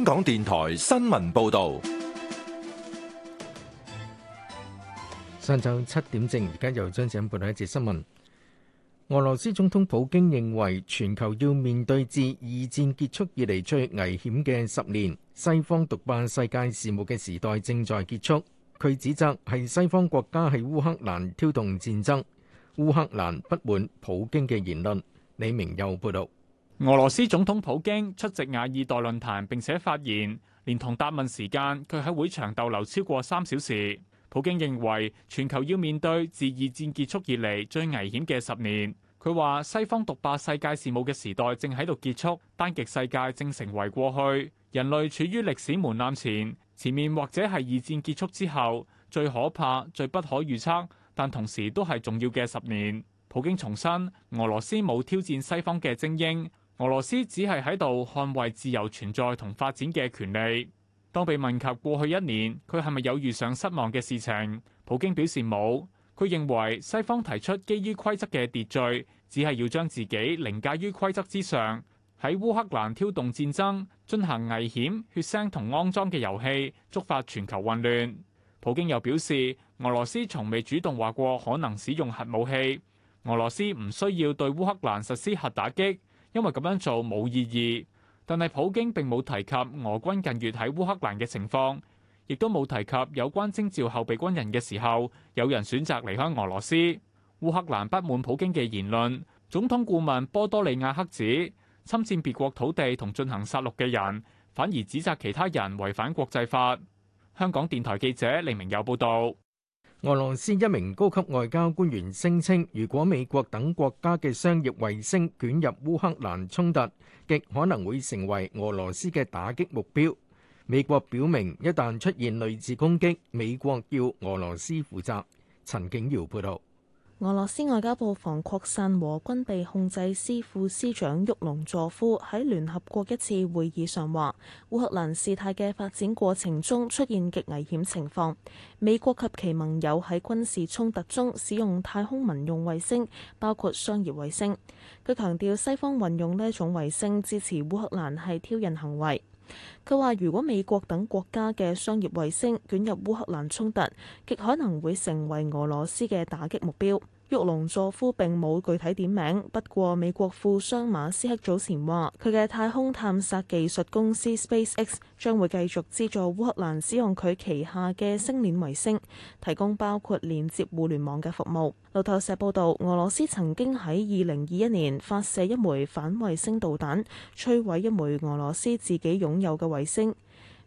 香港電台新聞報道，上晝七點正，而家又將請播一節新聞。俄羅斯總統普京認為，全球要面對自二戰結束以嚟最危險嘅十年，西方獨霸世界事務嘅時代正在結束。佢指責係西方國家喺烏克蘭挑動戰爭，烏克蘭不滿普京嘅言論。李明又報道。俄羅斯總統普京出席瓦爾代論壇，並且發言，連同答問時間，佢喺會場逗留超過三小時。普京認為全球要面對自二戰結束以嚟最危險嘅十年。佢話西方獨霸世界事務嘅時代正喺度結束，單極世界正成為過去，人類處於歷史門檻前，前面或者係二戰結束之後最可怕、最不可預測，但同時都係重要嘅十年。普京重申俄羅斯冇挑戰西方嘅精英。俄羅斯只係喺度捍衛自由存在同發展嘅權利。當被問及過去一年佢係咪有遇上失望嘅事情，普京表示冇。佢認為西方提出基於規則嘅秩序，只係要將自己凌駕於規則之上，喺烏克蘭挑動戰爭，進行危險、血腥同骯髒嘅遊戲，觸發全球混亂。普京又表示，俄羅斯從未主動話過可能使用核武器。俄羅斯唔需要對烏克蘭實施核打擊。因為咁樣做冇意義，但係普京並冇提及俄軍近月喺烏克蘭嘅情況，亦都冇提及有關徵召後備軍人嘅時候，有人選擇離開俄羅斯。烏克蘭不滿普京嘅言論，總統顧問波多利亞克指侵佔別國土地同進行殺戮嘅人，反而指責其他人違反國際法。香港電台記者李明佑報導。俄羅斯一名高級外交官員聲稱，如果美國等國家嘅商業衛星捲入烏克蘭衝突，極可能會成為俄羅斯嘅打擊目標。美國表明，一旦出現類似攻擊，美國要俄羅斯負責。陳景耀報導。俄羅斯外交部防擴散和軍備控制司副司長沃隆佐夫喺聯合國一次會議上話：烏克蘭事態嘅發展過程中出現極危險情況，美國及其盟友喺軍事衝突中使用太空民用衛星，包括商業衛星。佢強調，西方運用呢種衛星支持烏克蘭係挑釁行為。佢話：如果美國等國家嘅商業衛星捲入烏克蘭衝突，極可能會成為俄羅斯嘅打擊目標。沃隆佐夫並冇具體點名，不過美國富商馬斯克早前話，佢嘅太空探索技術公司 Space X 將會繼續資助烏克蘭使用佢旗下嘅星鏈衛星，提供包括連接互聯網嘅服務。路透社報道，俄羅斯曾經喺二零二一年發射一枚反衛星導彈，摧毀一枚俄羅斯自己擁有嘅衛星。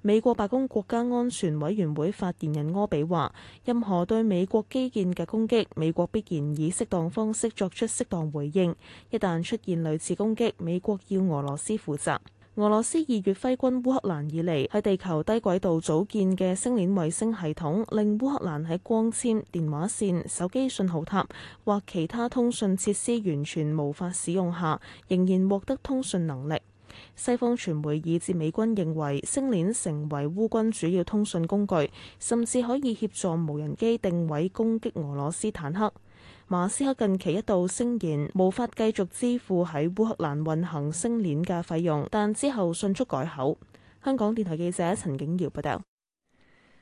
美國白宮國家安全委員會發言人柯比話：任何對美國基建嘅攻擊美國必然以適當方式作出適當回應，一旦出現類似攻擊，美國要俄羅斯負責。俄羅斯二月揮軍烏克蘭以嚟，喺地球低軌道組建嘅星鏈衛星系統令烏克蘭喺光纖電話線手機信號塔或其他通訊設施完全無法使用下，仍然獲得通訊能力。西方傳媒以至美軍認為星鏈成為烏軍主要通訊工具，甚至可以協助無人機定位攻擊俄羅斯坦克。馬斯克近期一度聲言無法繼續支付喺烏克蘭運行星鏈嘅費用，但之後迅速改口。香港電台記者陳景堯報道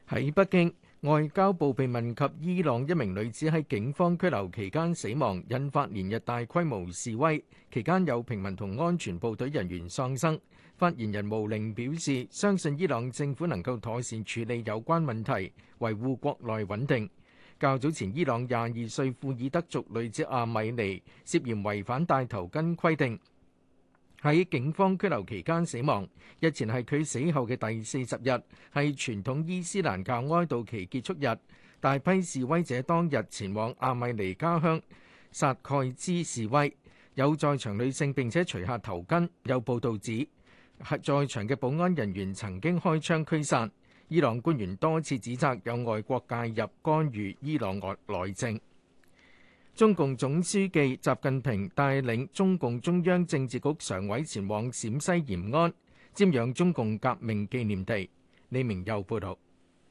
喺北京。外交部被問及伊朗一名女子喺警方拘留期間死亡，引發連日大規模示威，期間有平民同安全部隊人員喪生。發言人毛寧表示，相信伊朗政府能夠妥善處理有關問題，維護國內穩定。較早前，伊朗廿二歲庫爾德族女子阿米尼涉嫌違反戴頭巾規定。喺警方拘留期間死亡，日前係佢死後嘅第四十日，係傳統伊斯蘭教哀悼期結束日。大批示威者當日前往阿米尼家鄉薩蓋茲示威，有在場女性並且除下頭巾。有報道指，在場嘅保安人員曾經開槍驅散。伊朗官員多次指責有外國介入干預伊朗內內政。中共總書記習近平帶領中共中央政治局常委前往陝西延安瞻仰中共革命紀念地。李明又報導：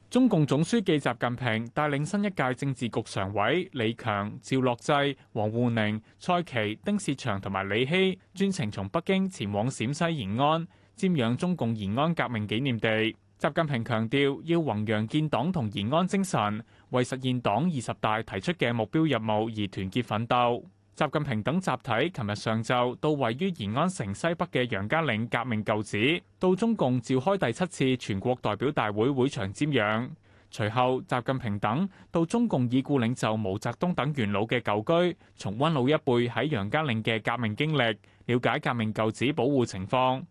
中共總書記習近平帶領新一屆政治局常委李強、趙樂際、王滬寧、蔡奇、丁薛祥同埋李希專程從北京前往陝西延安瞻仰中共延安革命紀念地。習近平強調要弘揚建黨同延安精神。為實現黨二十大提出嘅目標任務而團結奮鬥。習近平等集體琴日上晝到位於延安城西北嘅楊家嶺革命舊址，到中共召開第七次全國代表大會會場瞻仰。隨後，習近平等到中共已故領袖毛澤東等元老嘅舊居，重溫老一輩喺楊家嶺嘅革命經歷，了解革命舊址保護情況。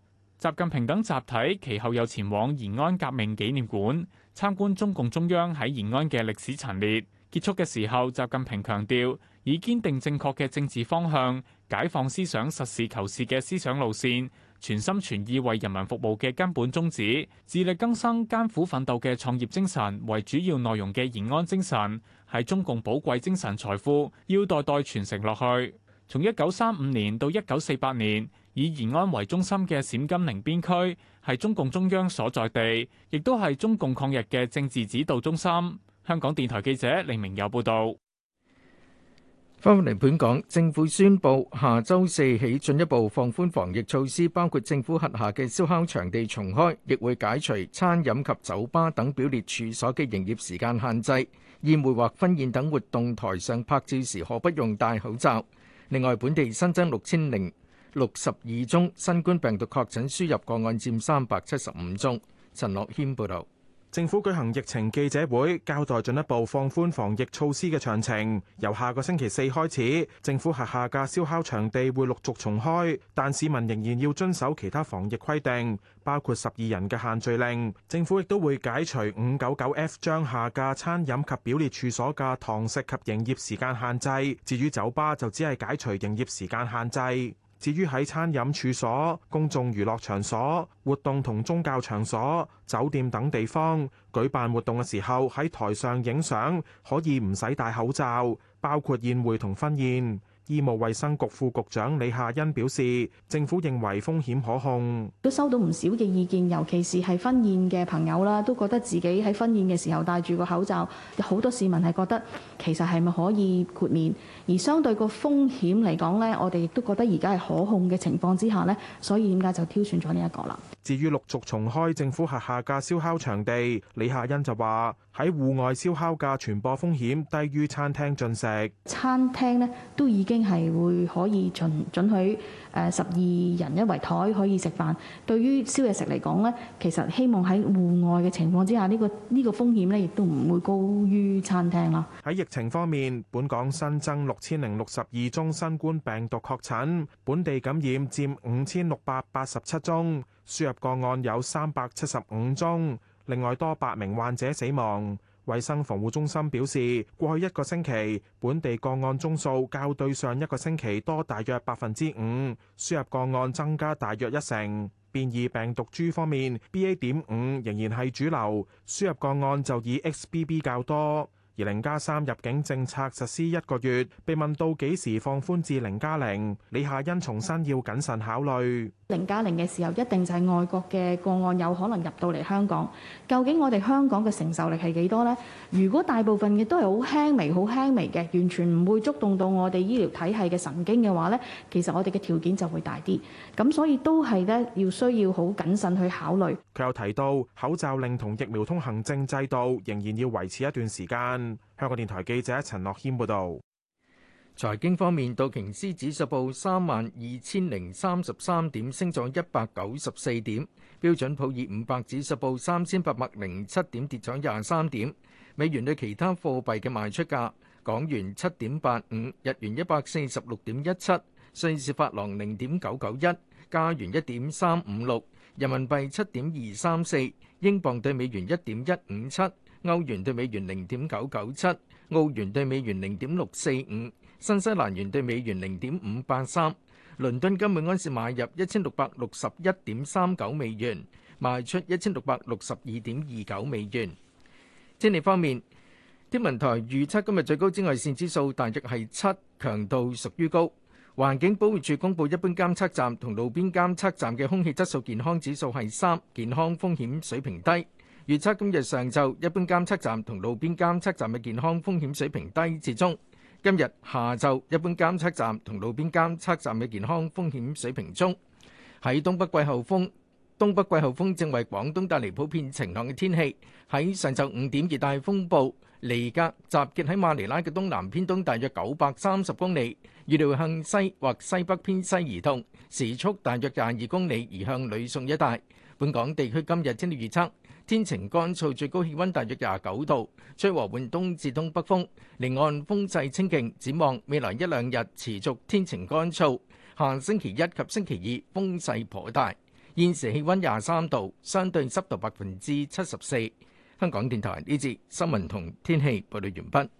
習近平等集體其後又前往延安革命紀念館參觀中共中央喺延安嘅歷史陳列。結束嘅時候，習近平強調：以堅定正確嘅政治方向、解放思想、實事求是嘅思想路線、全心全意為人民服務嘅根本宗旨、自力更生、艱苦奮鬥嘅創業精神為主要內容嘅延安精神，係中共寶貴精神財富，要代代傳承落去。從一九三五年到一九四八年，以延安為中心嘅陝甘寧邊區係中共中央所在地，亦都係中共抗日嘅政治指導中心。香港電台記者李明友報導。翻返嚟本港，政府宣布下週四起進一步放寬防疫措施，包括政府轄下嘅燒烤場地重開，亦會解除餐飲及酒吧等表列處所嘅營業時間限制。宴會或婚宴等活動台上拍照時，可不用戴口罩。另外，本地新增六千零六十二宗新冠病毒確診輸入個案，佔三百七十五宗。陳樂謙報道。政府舉行疫情記者會，交代進一步放寬防疫措施嘅詳情。由下個星期四開始，政府轄下嘅燒烤場地會陸續重開，但市民仍然要遵守其他防疫規定，包括十二人嘅限聚令。政府亦都會解除五九九 F 章下嘅餐飲及表列處所嘅堂食及營業時間限制。至於酒吧，就只係解除營業時間限制。至於喺餐飲處所、公眾娛樂場所、活動同宗教場所、酒店等地方舉辦活動嘅時候，喺台上影相可以唔使戴口罩，包括宴會同婚宴。醫務衛生局副局長李夏欣表示，政府認為風險可控，都收到唔少嘅意見，尤其是係婚宴嘅朋友啦，都覺得自己喺婚宴嘅時候戴住個口罩，好多市民係覺得其實係咪可以豁免，而相對個風險嚟講呢，我哋亦都覺得而家係可控嘅情況之下呢，所以點解就挑選咗呢一個啦。至於陸續重開政府轄下嘅燒烤場地，李夏欣就話喺戶外燒烤嘅傳播風險低於餐廳進食，餐廳呢，都已經。係會可以準準許誒十二人一圍枱可以食飯。對於宵夜食嚟講呢，其實希望喺戶外嘅情況之下，呢個呢個風險呢亦都唔會高於餐廳啦。喺疫情方面，本港新增六千零六十二宗新冠病毒確診，本地感染佔五千六百八十七宗，輸入個案有三百七十五宗，另外多八名患者死亡。衛生防護中心表示，過去一個星期本地個案宗數較對上一個星期多大約百分之五，輸入個案增加大約一成。變異病毒株方面，BA.5 仍然係主流，輸入個案就以 XBB 較多而。而零加三入境政策實施一個月，被問到幾時放寬至零加零，0? 李夏欣重申要謹慎考慮。零加零嘅時候，一定就係外國嘅個案有可能入到嚟香港。究竟我哋香港嘅承受力係幾多呢？如果大部分嘅都係好輕微、好輕微嘅，完全唔會觸動到我哋醫療體系嘅神經嘅話呢，其實我哋嘅條件就會大啲。咁所以都係咧，要需要好謹慎去考慮。佢又提到，口罩令同疫苗通行證制度仍然要維持一段時間。香港電台記者陳樂謙報道。財經方面，道瓊斯指數報三萬二千零三十三點，升咗一百九十四點。標準普爾五百指數報三千八百零七點，跌咗廿三點。美元對其他貨幣嘅賣出價：港元七點八五，日元一百四十六點一七，瑞士法郎零點九九一，加元一點三五六，人民幣七點二三四，英鎊對美元一點一五七，歐元對美元零點九九七，澳元對美元零點六四五。新西蘭元對美元零點五八三，倫敦金每安士買入一千六百六十一點三九美元，賣出一千六百六十二點二九美元。天氣方面，天文台預測今日最高紫外線指數大約係七，強度屬於高。環境保護署公布，一般監測站同路邊監測站嘅空氣質素健康指數係三，健康風險水平低。預測今日上晝一般監測站同路邊監測站嘅健康風險水平低至中。今日下晝，一般監測站同路邊監測站嘅健康風險水平中。喺東北季候風，東北季候風正為廣東帶嚟普遍晴朗嘅天氣。喺上晝五點，熱帶風暴尼格集結喺馬尼拉嘅東南偏東大約九百三十公里，預料向西或西北偏西移動，時速大約廿二公里，移向呂宋一帶。本港地區今日天氣預測。天晴乾燥，最高氣温大約廿九度，吹和緩東至東北風，離岸風勢清勁。展望未來一兩日持續天晴乾燥，下星期一及星期二風勢頗大。現時氣温廿三度，相對濕度百分之七十四。香港電台呢節新聞同天氣報道完畢。